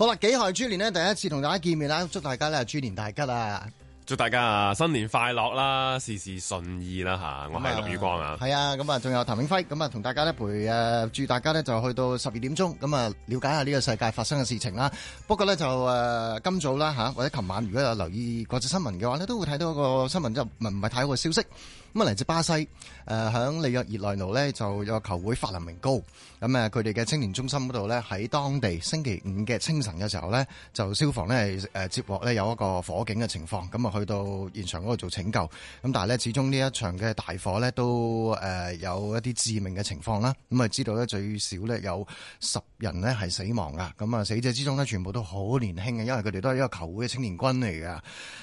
好啦，己亥豬年呢，第一次同大家見面啦，祝大家咧豬年大吉啦！祝大家啊新年快樂啦，事事順意啦吓！我係陸宇光啊，係啊，咁啊，仲有譚永輝，咁啊，同大家咧陪誒，祝大家咧、啊啊啊呃、就去到十二點鐘，咁啊，了解下呢個世界發生嘅事情啦。不過咧就誒、呃，今早啦吓，或者琴晚，如果有留意國際新聞嘅話咧，都會睇到一個新聞，就唔唔係太好嘅消息。咁啊，嚟自巴西，誒、呃，響里約熱內盧咧就有個球會法林明高，咁、嗯、啊，佢哋嘅青年中心嗰度咧，喺當地星期五嘅清晨嘅時候咧，就消防咧、呃、接獲咧有一個火警嘅情況，咁、嗯、啊去到現場嗰度做拯救，咁、嗯、但係咧，始終呢一場嘅大火咧都誒、呃、有一啲致命嘅情況啦，咁、嗯、啊知道咧最少咧有十人咧係死亡噶，咁、嗯、啊死者之中咧全部都好年輕嘅，因為佢哋都係一個球會嘅青年軍嚟㗎。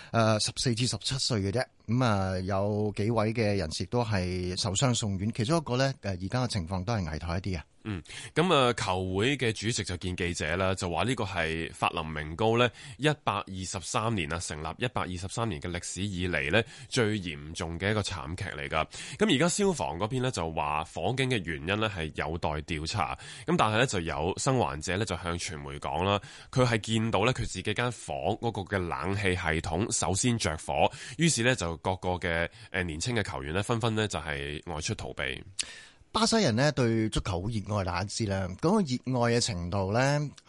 誒、呃，十四至十七歲嘅啫，咁、嗯、啊有幾位嘅人士都係受傷送院，其中一個呢誒，而家嘅情況都係危殆一啲啊。嗯，咁啊，球會嘅主席就見記者啦，就話呢個係法林明高呢，一百二十三年啊，成立一百二十三年嘅歷史以嚟呢，最嚴重嘅一個慘劇嚟噶。咁而家消防嗰邊呢，就話火警嘅原因呢係有待調查。咁但係呢，就有生還者呢，就向傳媒講啦，佢係見到呢，佢自己間房嗰個嘅冷氣系統首先着火，於是呢，就各個嘅誒年輕嘅球員呢，紛紛呢，就係外出逃避。巴西人咧對足球好熱愛，大家知啦。咁、嗰個熱愛嘅程度咧，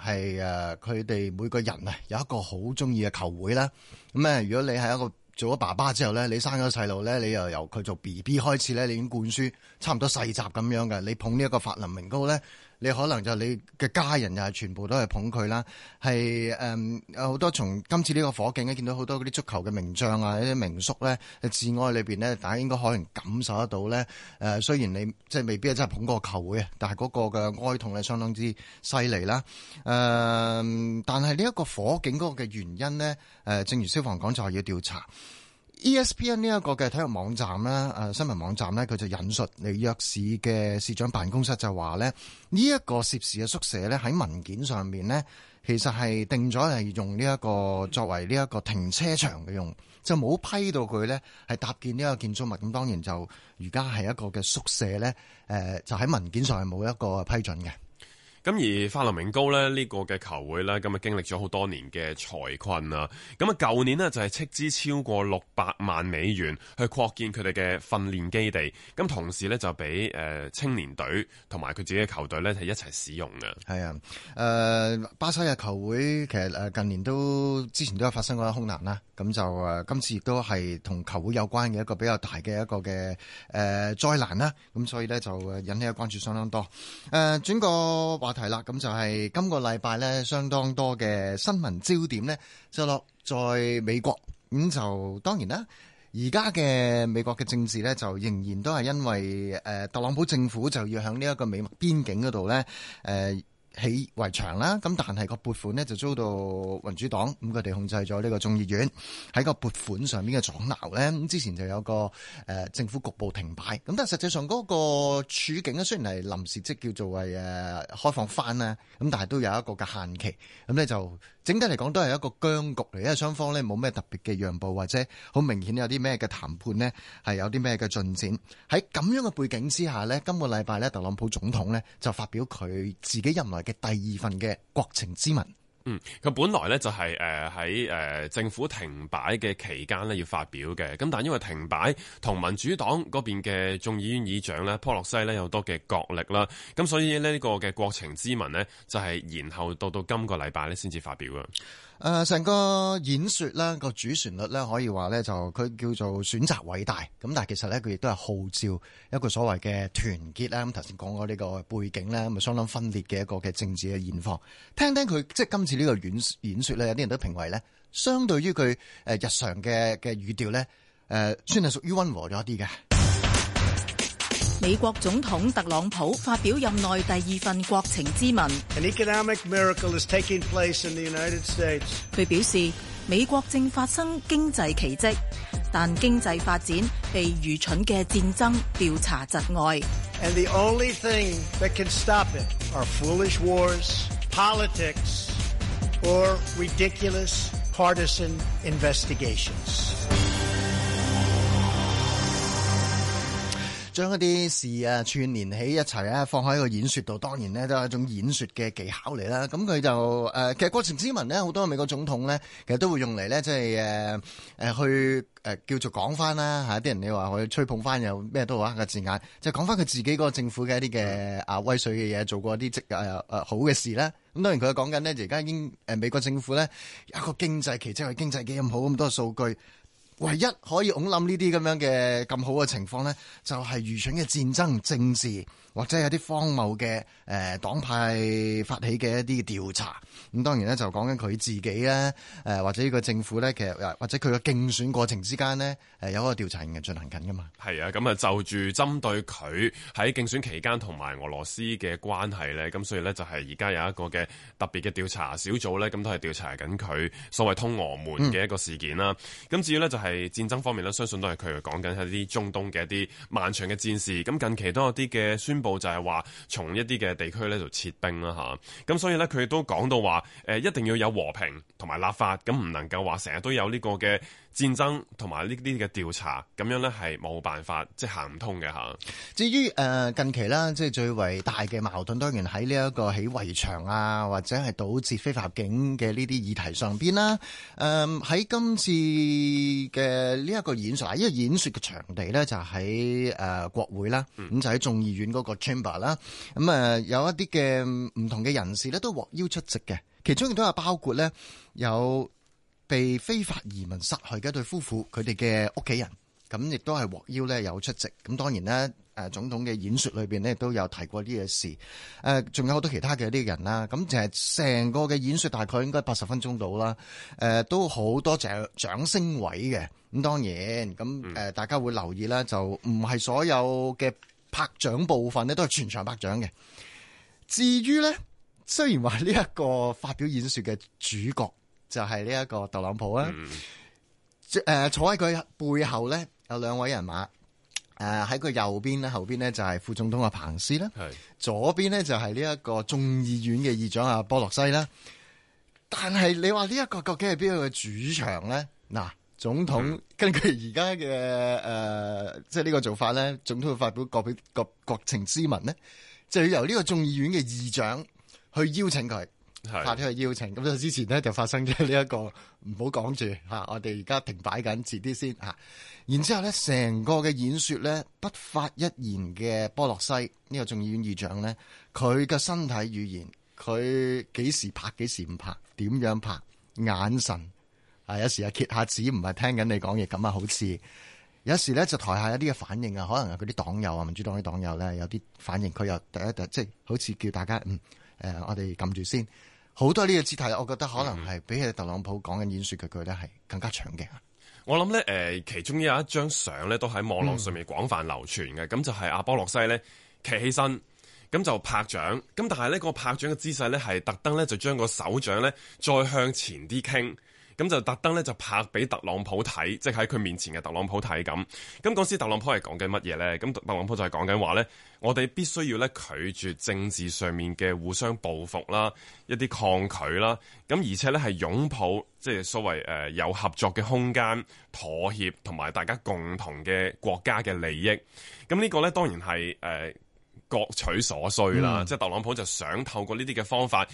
係誒佢哋每個人咧，有一個好中意嘅球會啦。咁誒，如果你係一個做咗爸爸之後咧，你生咗細路咧，你又由佢做 BB 開始咧，你已經灌輸差唔多世襲咁樣嘅，你捧呢一個法林明高咧。你可能就你嘅家人又係全部都係捧佢啦，係誒有好多從今次呢個火警咧，見到好多嗰啲足球嘅名將啊、一啲名宿咧，喺致哀裏面咧，大家應該可能感受得到咧。誒、呃，雖然你即係、就是、未必係真係捧過球會啊，但係嗰個嘅哀痛咧相當之犀利啦。誒、呃，但係呢一個火警嗰個嘅原因咧、呃，正如消防講就係要調查。ESPN 呢一個嘅體育網站啦，誒新聞網站咧，佢就引述里約市嘅市長辦公室就話咧，呢一個涉事嘅宿舍咧，喺文件上面咧，其實係定咗係用呢一個作為呢一個停車場嘅用，就冇批到佢咧係搭建呢一個建築物，咁當然就而家係一個嘅宿舍咧，誒就喺文件上係冇一個批准嘅。咁而法林明高咧呢，這個嘅球會咧咁啊，經歷咗好多年嘅財困啊，咁啊舊年咧就係斥資超過六百萬美元去擴建佢哋嘅訓練基地，咁同時咧就俾誒、呃、青年隊同埋佢自己嘅球隊咧係一齊使用嘅。係啊，誒、呃，巴西嘅球會其實誒近年都之前都有發生過一空難啦，咁就誒、呃、今次亦都係同球會有關嘅一個比較大嘅一個嘅誒災難啦，咁所以咧就引起嘅關注相當多。誒、呃，轉個話題。係啦，咁就係今個禮拜咧，相當多嘅新聞焦點咧就落在美國咁、嗯、就當然啦，而家嘅美國嘅政治咧就仍然都係因為誒、呃、特朗普政府就要響呢一個美墨邊境嗰度咧誒，呃起圍牆啦，咁但係個撥款咧就遭到民主黨，咁佢哋控制咗呢個眾議院喺個撥款上面嘅阻撓咧，咁之前就有個政府局部停擺，咁但係實際上嗰個處境咧雖然係臨時即叫做係開放翻啦，咁但係都有一個嘅限期，咁咧就。整體嚟講都係一個僵局嚟，因為雙方咧冇咩特別嘅讓步或者好明顯有啲咩嘅談判呢係有啲咩嘅進展。喺咁樣嘅背景之下呢，今個禮拜咧特朗普總統咧就發表佢自己任內嘅第二份嘅國情咨文。嗯，佢本來咧就係誒喺誒政府停擺嘅期間咧要發表嘅，咁但係因為停擺同民主黨嗰邊嘅眾議院議長咧，波洛西咧有多嘅角力啦，咁所以呢個嘅國情咨文呢，就係然後到到今個禮拜咧先至發表嘅。誒、呃，成個演說咧，個主旋律咧，可以話咧就佢叫做選擇偉大，咁但係其實咧佢亦都係號召一個所謂嘅團結啦。咁頭先講過呢個背景咧，咁啊相當分裂嘅一個嘅政治嘅現況。聽聽佢即係今次呢個演演說咧，有啲人都評為咧，相對於佢誒日常嘅嘅語調咧，誒、呃、算係屬於溫和咗啲嘅。美國總統特朗普發表任內第二份國情咨文。An economic miracle is taking place in the United States. 佢表示，美國正發生經濟奇蹟，但經濟發展被愚蠢嘅戰爭調查窒礙。And the only thing that can stop it are foolish wars, politics, or ridiculous partisan investigations. 將一啲事啊串連起一齊啊放喺個演説度，當然咧都係一種演説嘅技巧嚟啦。咁佢就誒、呃，其實國情咨文咧，好多美國總統咧，其實都會用嚟咧，即係誒去誒叫做講翻啦嚇。啲、啊、人你話去吹捧翻又咩都話嘅字眼，就講翻佢自己嗰個政府嘅一啲嘅啊威水嘅嘢，做過啲即、呃呃、好嘅事啦。咁當然佢講緊呢，而家已誒美國政府咧有一個經濟期，其實佢經濟幾咁好咁多數據。唯一可以擁冧呢啲咁樣嘅咁好嘅情況咧，就係愚蠢嘅戰爭政治。或者有啲荒謬嘅誒黨派發起嘅一啲調查，咁當然咧就講緊佢自己咧，誒、呃、或者呢個政府咧，其實或者佢嘅競選過程之間咧，誒、呃、有一個調查嘅進行緊噶嘛？係啊，咁啊就住針對佢喺競選期間同埋俄羅斯嘅關係咧，咁所以咧就係而家有一個嘅特別嘅調查小組咧，咁都係調查緊佢所謂通俄門嘅一個事件啦。咁、嗯、至於咧就係、是、戰爭方面咧，相信都係佢講緊係啲中東嘅一啲漫長嘅戰事。咁近期都有啲嘅宣佈。就係話，從一啲嘅地區咧就撤兵啦吓，咁所以咧，佢亦都講到話，誒，一定要有和平同埋立法，咁唔能夠話成日都有呢個嘅。戰爭同埋呢啲嘅調查，咁樣咧係冇辦法，即係行唔通嘅。至於誒、呃、近期啦，即係最為大嘅矛盾，當然喺呢一個起圍牆啊，或者係導致非法入境嘅呢啲議題上邊啦。誒、呃、喺今次嘅呢一個演説，因、這、為、個、演説嘅場地咧就喺誒、呃、國會啦，咁、嗯、就喺眾議院嗰個 Chamber 啦、呃。咁有一啲嘅唔同嘅人士咧都獲邀出席嘅，其中亦都係包括咧有。被非法移民失去嘅一對夫婦，佢哋嘅屋企人，咁亦都係獲邀咧有出席。咁當然咧，誒總統嘅演說裏邊咧都有提過呢嘅事。誒，仲有好多其他嘅啲人啦。咁就係成個嘅演說大概應該八十分鐘到啦。誒，都好多謝掌聲位嘅。咁當然，咁誒大家會留意啦、嗯，就唔係所有嘅拍掌部分咧都係全場拍掌嘅。至於咧，雖然話呢一個發表演說嘅主角。就係呢一個特朗普啦、啊、誒、嗯，坐喺佢背後咧有兩位人馬，誒喺佢右邊咧後邊咧就係、是、副總統阿彭斯啦、啊，左邊咧就係呢一個眾議院嘅議長阿、啊、波洛西啦、啊。但係你話呢一個究竟係邊個嘅主場咧？嗱，總統根據而家嘅誒，即係呢個做法咧，總統會發表國表國國情咨文咧，就要由呢個眾議院嘅議長去邀請佢。拍呢個邀請咁，就之前咧就發生咗呢一個唔好講住吓，我哋而家停擺緊，遲啲先吓。然之後咧，成個嘅演說咧，不發一言嘅波洛西呢個眾議院議長咧，佢嘅身體語言，佢幾時拍幾時唔拍，點樣拍，眼神啊，有時啊揭下紙唔係聽緊你講嘢咁啊，好似有時咧就台下有啲嘅反應啊，可能係佢啲黨友啊，民主黨啲黨友咧有啲反應，佢又突一突即係好似叫大家嗯。呃、我哋撳住先，好多呢個姿態，我覺得可能係比起特朗普講緊演說嘅句咧，係更加長嘅。我諗咧、呃，其中有一張相咧，都喺網絡上面廣泛流傳嘅，咁、嗯、就係阿波洛西咧，企起身，咁就拍掌，咁但係咧、個拍掌嘅姿勢咧，係特登咧就將個手掌咧再向前啲傾。咁就特登咧就拍俾特朗普睇，即係喺佢面前嘅特朗普睇咁。咁嗰時特朗普係講緊乜嘢咧？咁特朗普就係講緊話咧，我哋必須要咧拒絕政治上面嘅互相報復啦，一啲抗拒啦。咁而且咧係擁抱即係、就是、所謂誒有合作嘅空間、妥協同埋大家共同嘅國家嘅利益。咁呢個咧當然係誒各取所需啦。即、嗯、係、就是、特朗普就想透過呢啲嘅方法。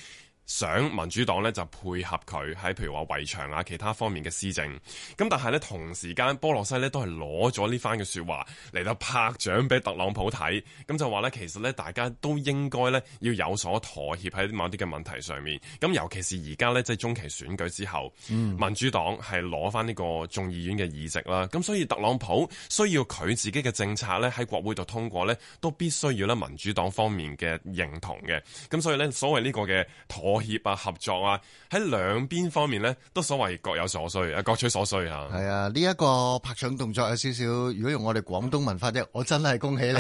想民主黨呢，就配合佢喺譬如話圍牆啊，其他方面嘅施政，咁但係呢，同時間波洛西呢都係攞咗呢番嘅說話嚟到拍掌俾特朗普睇，咁就話呢，其實呢，大家都應該呢，要有所妥協喺某啲嘅問題上面，咁尤其是而家呢，即係中期選舉之後，嗯，民主黨係攞翻呢個眾議院嘅議席啦，咁所以特朗普需要佢自己嘅政策呢，喺國會度通過呢，都必須要呢民主黨方面嘅認同嘅，咁所以呢，所謂呢個嘅妥妥協啊，合作啊，喺兩邊方面咧，都所謂各有所需啊，各取所需吓。係啊，呢、這、一個拍掌動作有少少，如果用我哋廣東文化啫，我真係恭喜你，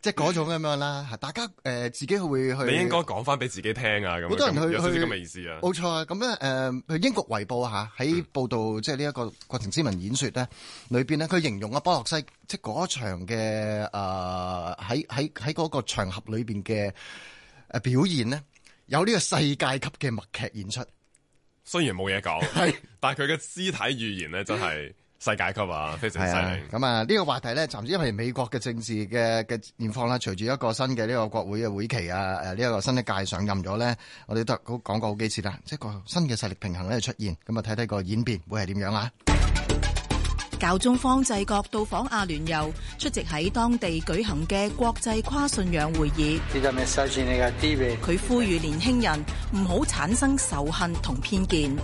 即係嗰種咁樣啦。 大家誒、呃，自己會去。你應該講翻俾自己聽啊，咁。好多人去這樣去，有啲咁嘅意思啊。冇錯啊，咁咧誒，去英國《衛報》吓，喺報道即係呢一個國情咨文演說咧，裏邊呢，佢形容啊，波洛西即係嗰場嘅誒，喺喺喺嗰個場合裏邊嘅誒表現呢。有呢個世界級嘅默劇演出，雖然冇嘢講，係， 但係佢嘅肢體語言咧真係世界級啊， 非常犀利，嗯。咁啊，呢、這個話題咧，暫時因為美國嘅政治嘅嘅現況啦，隨住一個新嘅呢個國會嘅會期啊，誒，呢一個新一屆上任咗咧，我哋都講過好幾次啦，即係個新嘅勢力平衡咧出現，咁啊睇睇個演變會係點樣啊。教宗方濟各到訪阿聯酋，出席喺當地舉行嘅國際跨信仰會議。佢呼籲年輕人唔好產生仇恨同偏見。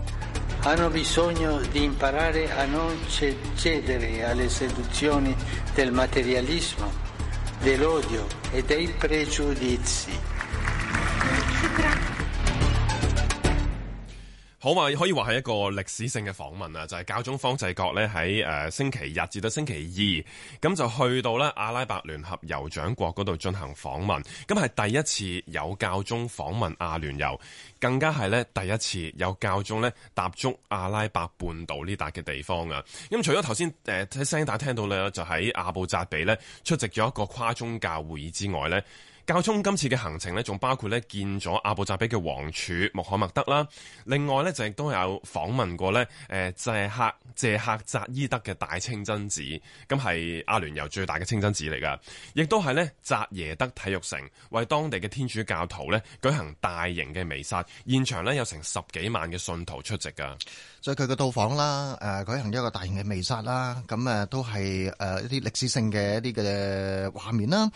好話可以話係一個歷史性嘅訪問啊！就係、是、教宗方制國呢喺、呃、星期日至到星期二，咁就去到咧阿拉伯聯合酋長國嗰度進行訪問。咁係第一次有教宗訪問阿聯酋，更加係咧第一次有教宗咧踏足阿拉伯半島呢笪嘅地方啊！咁、嗯、除咗頭先喺聲帶聽到咧，就喺阿布扎比咧出席咗一個跨宗教會議之外咧。教宗今次嘅行程呢，仲包括呢，見咗阿布扎比嘅王儲穆罕默德啦。另外呢，就亦都有訪問過呢，誒謝克、謝克扎伊德嘅大清真寺，咁、嗯、係阿聯酋最大嘅清真寺嚟㗎。亦都係呢，扎耶德體育城為當地嘅天主教徒呢舉行大型嘅彌撒，現場呢，有成十幾萬嘅信徒出席㗎。所以佢嘅到訪啦、呃，舉行一個大型嘅彌撒啦，咁誒、呃、都係誒一啲歷史性嘅一啲嘅畫面啦、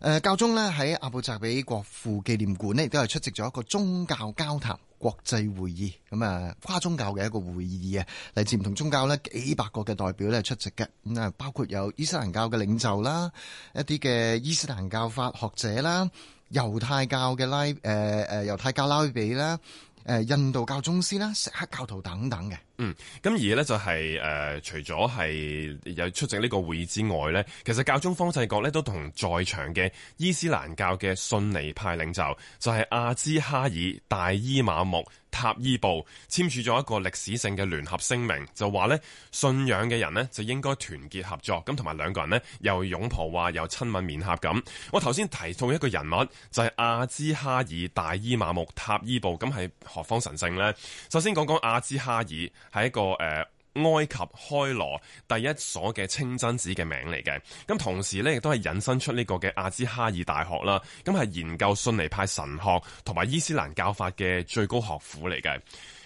呃。教宗呢，喺喺阿布扎比國父紀念館咧，亦都係出席咗一個宗教交談國際會議，咁啊跨宗教嘅一個會議啊，嚟自唔同宗教咧幾百個嘅代表咧出席嘅，咁啊包括有伊斯蘭教嘅領袖啦，一啲嘅伊斯蘭教法學者啦，猶太教嘅拉誒誒猶太教拉比啦。誒，印度教宗師啦，錫克教徒等等嘅，嗯，咁而呢、就是，就係誒，除咗係有出席呢個會議之外呢，其實教宗方濟各呢，都同在場嘅伊斯蘭教嘅遜尼派領袖就係、是、阿茲哈爾大伊瑪目。塔伊布簽署咗一個歷史性嘅聯合聲明，就話呢，信仰嘅人呢，就應該團結合作，咁同埋兩個人呢，又擁抱話又親吻面頰。咁。我頭先提到一個人物就係、是、阿茲哈爾大伊馬木塔伊布，咁係何方神聖呢？首先講講阿茲哈爾係一個、呃埃及開羅第一所嘅清真寺嘅名嚟嘅，咁同時呢，亦都係引申出呢個嘅阿茲哈爾大學啦，咁係研究遜尼派神學同埋伊斯蘭教法嘅最高學府嚟嘅。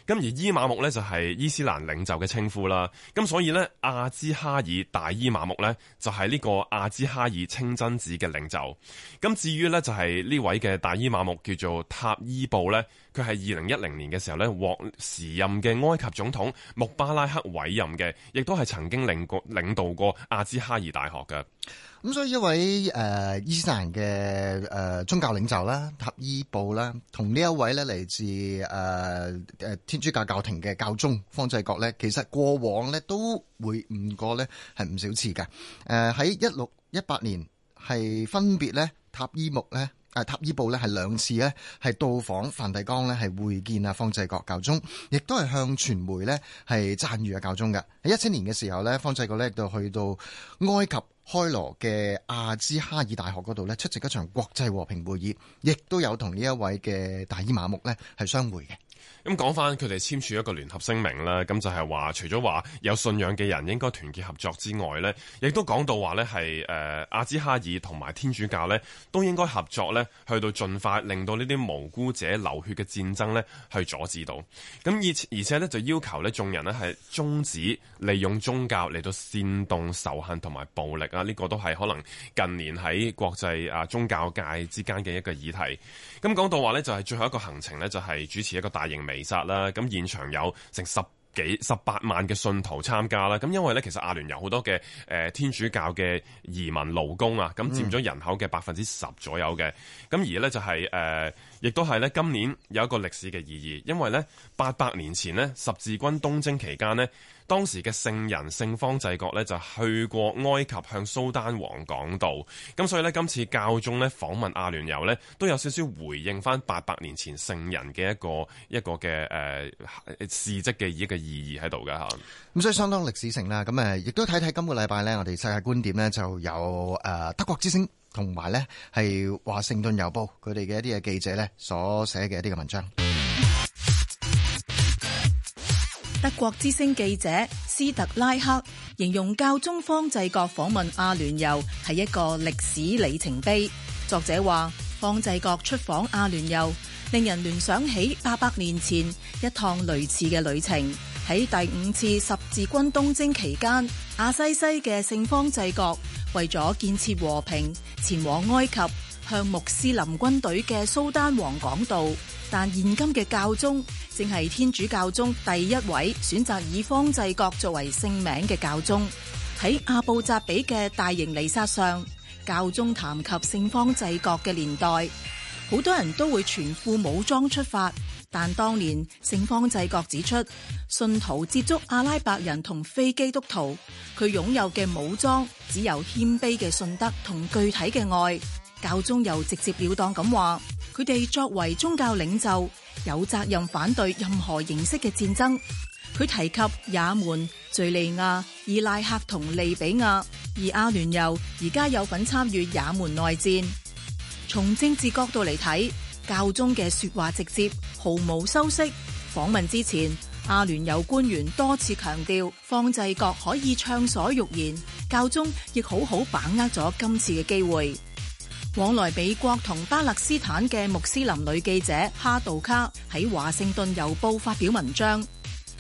咁而伊瑪目咧就係伊斯蘭領袖嘅稱呼啦，咁所以呢，阿芝哈爾大伊瑪目呢，就係呢個阿芝哈爾清真寺嘅領袖。咁至於呢，就係呢位嘅大伊瑪目，叫做塔伊布呢，佢係二零一零年嘅時候呢，獲時任嘅埃及總統穆巴拉克委任嘅，亦都係曾經領過領導過阿芝哈爾大學嘅。咁所以一位誒、呃、伊斯蘭嘅誒宗教領袖啦，塔伊布啦，同呢一位咧嚟自誒、呃、天主教教廷嘅教宗方濟各咧，其實過往咧都會晤過咧係唔少次嘅。誒喺一六一八年係分別咧塔伊木咧，誒、呃、塔伊布咧係兩次咧係到訪梵蒂岡咧係會見啊方濟各教宗，亦都係向傳媒咧係讚譽啊教宗嘅。喺一七年嘅時候咧，方濟各咧到去到埃及。開羅嘅阿茲哈爾大學嗰度咧出席一場國際和平會議，亦都有同呢一位嘅大伊瑪目咧係相會嘅。咁講翻佢哋簽署一個聯合聲明啦，咁就係話除咗話有信仰嘅人應該團結合作之外呢，亦都講到話呢係誒阿茲哈爾同埋天主教呢，都應該合作呢去到盡快令到呢啲無辜者流血嘅戰爭呢去阻止到。咁而而且呢，就要求呢眾人呢係中止利用宗教嚟到煽動仇恨同埋暴力啊！呢個都係可能近年喺國際啊宗教界之間嘅一個議題。咁講到話呢就係最後一個行程呢就係主持一個大型。啦！咁現場有成十幾、十八萬嘅信徒參加啦。咁因為咧，其實阿聯酋有好多嘅天主教嘅移民勞工啊，咁佔咗人口嘅百分之十左右嘅。咁而咧就係、是呃、亦都係咧今年有一個歷史嘅意義，因為咧八百年前呢，十字軍東征期間呢。當時嘅聖人聖方濟各呢，就去過埃及向蘇丹王講道，咁所以呢，今次教宗呢訪問阿聯酋呢，都有少少回應翻八百年前聖人嘅一個一個嘅誒事蹟嘅一個意義喺度㗎。咁所以相當歷史性啦。咁亦都睇睇今個禮拜呢，我哋世界觀點呢，就有、呃、德國之聲同埋呢係華盛頓郵報佢哋嘅一啲嘅記者呢所寫嘅一啲嘅文章。德國之聲記者斯特拉克形容教宗方濟各訪問阿聯酋係一個歷史里程碑。作者話，方濟各出訪阿聯酋，令人聯想起八百年前一趟類似嘅旅程。喺第五次十字軍東征期間，阿西西嘅聖方濟各為咗建設和平，前往埃及。向穆斯林軍隊嘅蘇丹王講道，但現今嘅教宗正係天主教中第一位選擇以方濟各作為聖名嘅教宗。喺阿布扎比嘅大型彌撒上，教宗談及聖方濟各嘅年代，好多人都會全副武裝出發。但當年聖方濟各指出，信徒接觸阿拉伯人同非基督徒，佢擁有嘅武裝只有謙卑嘅信德同具體嘅愛。教宗又直接了當咁話，佢哋作為宗教領袖有責任反對任何形式嘅戰爭。佢提及也門、敘利亞、伊拉克同利比亞，而阿聯酋而家有份參與也門內戰。從政治角度嚟睇，教宗嘅說話直接，毫無修飾。訪問之前，阿聯酋官員多次強調，方濟各可以暢所欲言。教宗亦好好把握咗今次嘅機會。往來美國同巴勒斯坦嘅穆斯林女記者哈杜卡喺華盛頓郵報發表文章，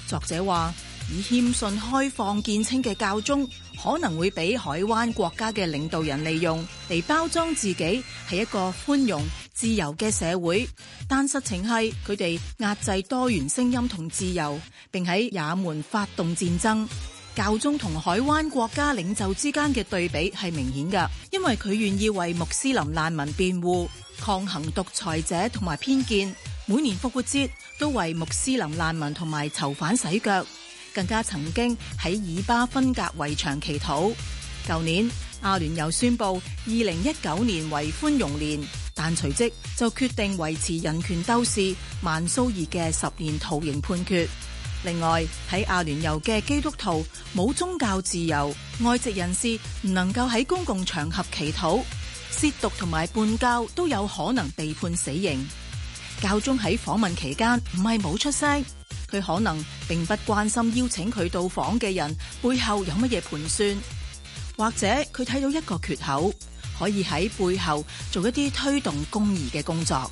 作者話：以謙遜開放見稱嘅教宗可能會被海灣國家嘅領導人利用嚟包裝自己係一個寬容自由嘅社會，但實情係佢哋壓制多元聲音同自由，並喺也門發動戰爭。教宗同海灣國家領袖之間嘅對比係明顯噶，因為佢願意為穆斯林難民辯護、抗衡獨裁者同埋偏見，每年復活節都為穆斯林難民同埋囚犯洗腳，更加曾經喺以巴分隔圍牆祈禱。舊年阿聯酋宣布二零一九年為寬容年，但隨即就決定維持人權鬥士曼蘇爾嘅十年徒刑判決。另外喺阿聯酋嘅基督徒冇宗教自由，外籍人士唔能夠喺公共場合祈禱，褻瀆同埋叛教都有可能被判死刑。教宗喺訪問期間唔係冇出聲，佢可能並不關心邀請佢到訪嘅人背後有乜嘢盤算，或者佢睇到一個缺口，可以喺背後做一啲推動公義嘅工作。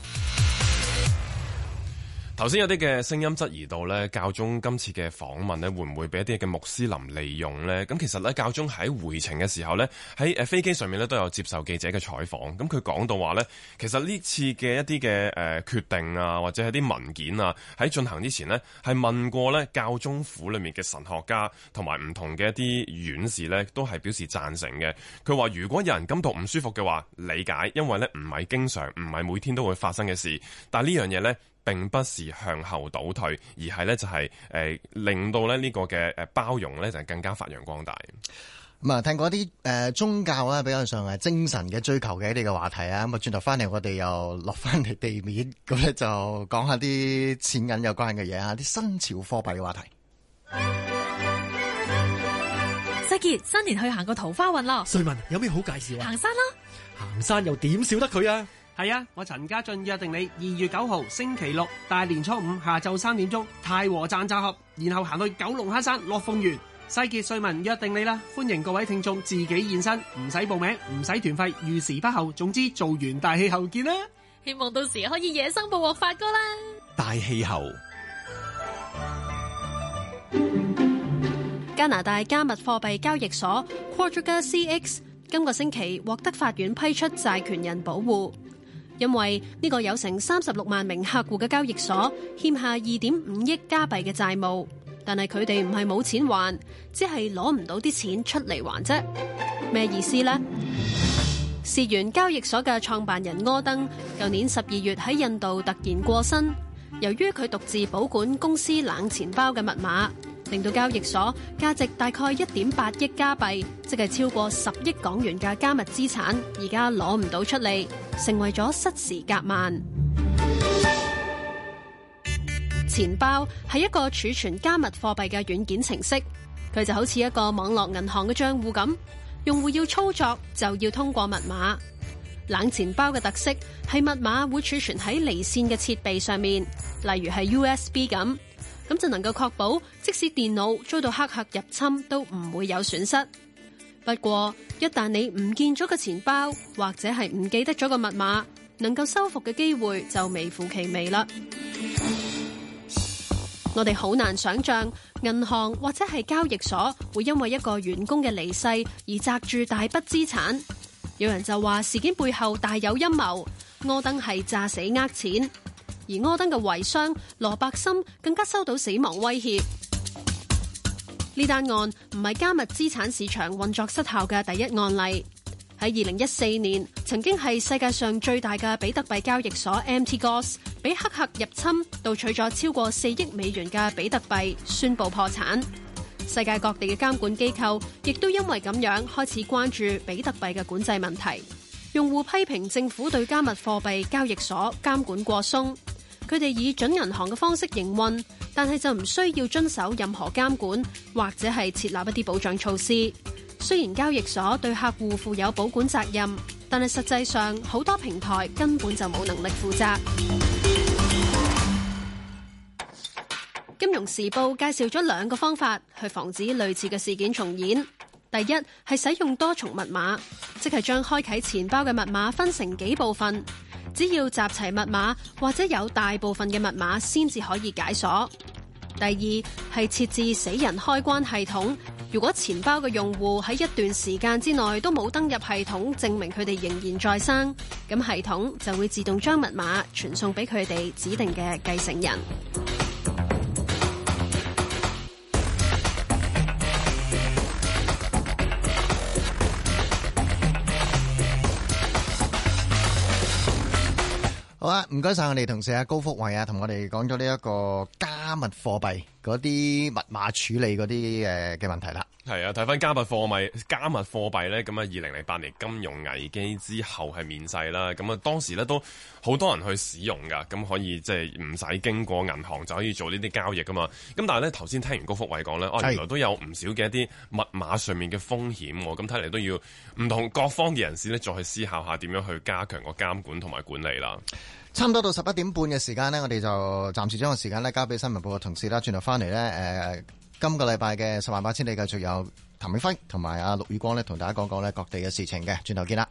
頭先有啲嘅聲音質疑到呢，教宗今次嘅訪問呢，會唔會俾一啲嘅穆斯林利用呢？咁其實呢，教宗喺回程嘅時候呢，喺誒飛機上面呢都有接受記者嘅採訪。咁佢講到話呢，其實呢次嘅一啲嘅誒決定啊，或者係啲文件啊，喺進行之前呢，係問過呢教宗府裏面嘅神學家同埋唔同嘅一啲院士呢，都係表示贊成嘅。佢話如果有人感到唔舒服嘅話，理解，因為呢唔係經常，唔係每天都會發生嘅事。但係呢樣嘢呢。並不是向後倒退，而係咧就係、是、誒、呃、令到咧呢、這個嘅誒包容咧就係、是、更加發揚光大。咁啊，聽過啲誒宗教啦、啊，比較上係精神嘅追求嘅一啲嘅話題啊。咁啊，轉頭翻嚟我哋又落翻嚟地面，咁咧就講下啲錢銀有關嘅嘢啊，啲新潮貨幣嘅話題。世杰新年去行個桃花運咯。瑞文有咩好介紹？行山咯。行山又點少得佢啊？係啊，我陳家俊約定你二月九號星期六大年初五下晝三點鐘太和站集合，然後行去九龍坑山落鳳園。世杰瑞文約定你啦，歡迎各位聽眾自己現身，唔使報名，唔使團費，逾時不候。總之做完大氣候見啦，希望到時可以野生捕獲發哥啦。大氣候，加拿大加密貨幣交易所 Quadriga CX 今個星期獲得法院批出債權人保護。因為呢個有成三十六萬名客戶嘅交易所欠下二點五億加幣嘅債務，但係佢哋唔係冇錢還，只係攞唔到啲錢出嚟還啫。咩意思呢？事緣交易所嘅創辦人柯登，舊年十二月喺印度突然過身，由於佢獨自保管公司冷錢包嘅密碼。令到交易所價值大概一點八億加幣，即係超過十億港元嘅加密資產，而家攞唔到出嚟，成為咗失時夾萬。錢包係一個儲存加密貨幣嘅軟件程式，佢就好似一個網絡銀行嘅賬戶咁，用戶要操作就要通過密碼。冷錢包嘅特色係密碼會儲存喺離線嘅設備上面，例如係 USB 咁。咁就能夠確保，即使電腦遭到黑客入侵，都唔會有損失。不過，一旦你唔見咗個錢包，或者係唔記得咗個密碼，能夠修復嘅機會就微乎其微啦。我哋好難想象，銀行或者係交易所會因為一個員工嘅離世而揸住大筆資產。有人就話事件背後大有陰謀，柯登係詐死呃錢。而柯登嘅遺孀羅伯森更加收到死亡威脅。呢單案唔係加密資產市場運作失效嘅第一案例。喺二零一四年，曾經係世界上最大嘅比特幣交易所 Mt Gox 被黑客入侵，盜取咗超過四億美元嘅比特幣，宣布破產。世界各地嘅監管機構亦都因為咁樣開始關注比特幣嘅管制問題。用戶批評政府對加密貨幣交易所監管過鬆。佢哋以準銀行嘅方式營運，但係就唔需要遵守任何監管或者係設立一啲保障措施。雖然交易所對客戶負有保管責任，但係實際上好多平台根本就冇能力負責。金融時報介紹咗兩個方法去防止類似嘅事件重演。第一，係使用多重密碼，即係將開啟錢包嘅密碼分成幾部分。只要集齊密碼或者有大部分嘅密碼，先至可以解鎖。第二係設置死人開關系統，如果錢包嘅用戶喺一段時間之內都冇登入系統，證明佢哋仍然在生，咁系統就會自動將密碼傳送俾佢哋指定嘅繼承人。好啦，唔該晒我哋同事阿高福慧啊，同我哋講咗呢一個加密貨幣。嗰啲密碼處理嗰啲嘅問題啦，係啊，睇翻加密貨幣、加密貨幣咧，咁啊，二零零八年金融危機之後係面世啦，咁啊，當時咧都好多人去使用噶，咁可以即係唔使經過銀行就可以做呢啲交易噶嘛，咁但係咧頭先聽完高福慧講咧，哦、啊、原來都有唔少嘅一啲密碼上面嘅風險，咁睇嚟都要唔同各方嘅人士咧再去思考下點樣去加強個監管同埋管理啦。差唔多到十一點半嘅時間呢，我哋就暫時將個時間咧交俾新聞部嘅同事啦。轉頭翻嚟呢，誒、呃，今個禮拜嘅十萬八千里繼續有譚永輝同埋阿陸宇光呢，同大家講講咧各地嘅事情嘅，轉頭見啦。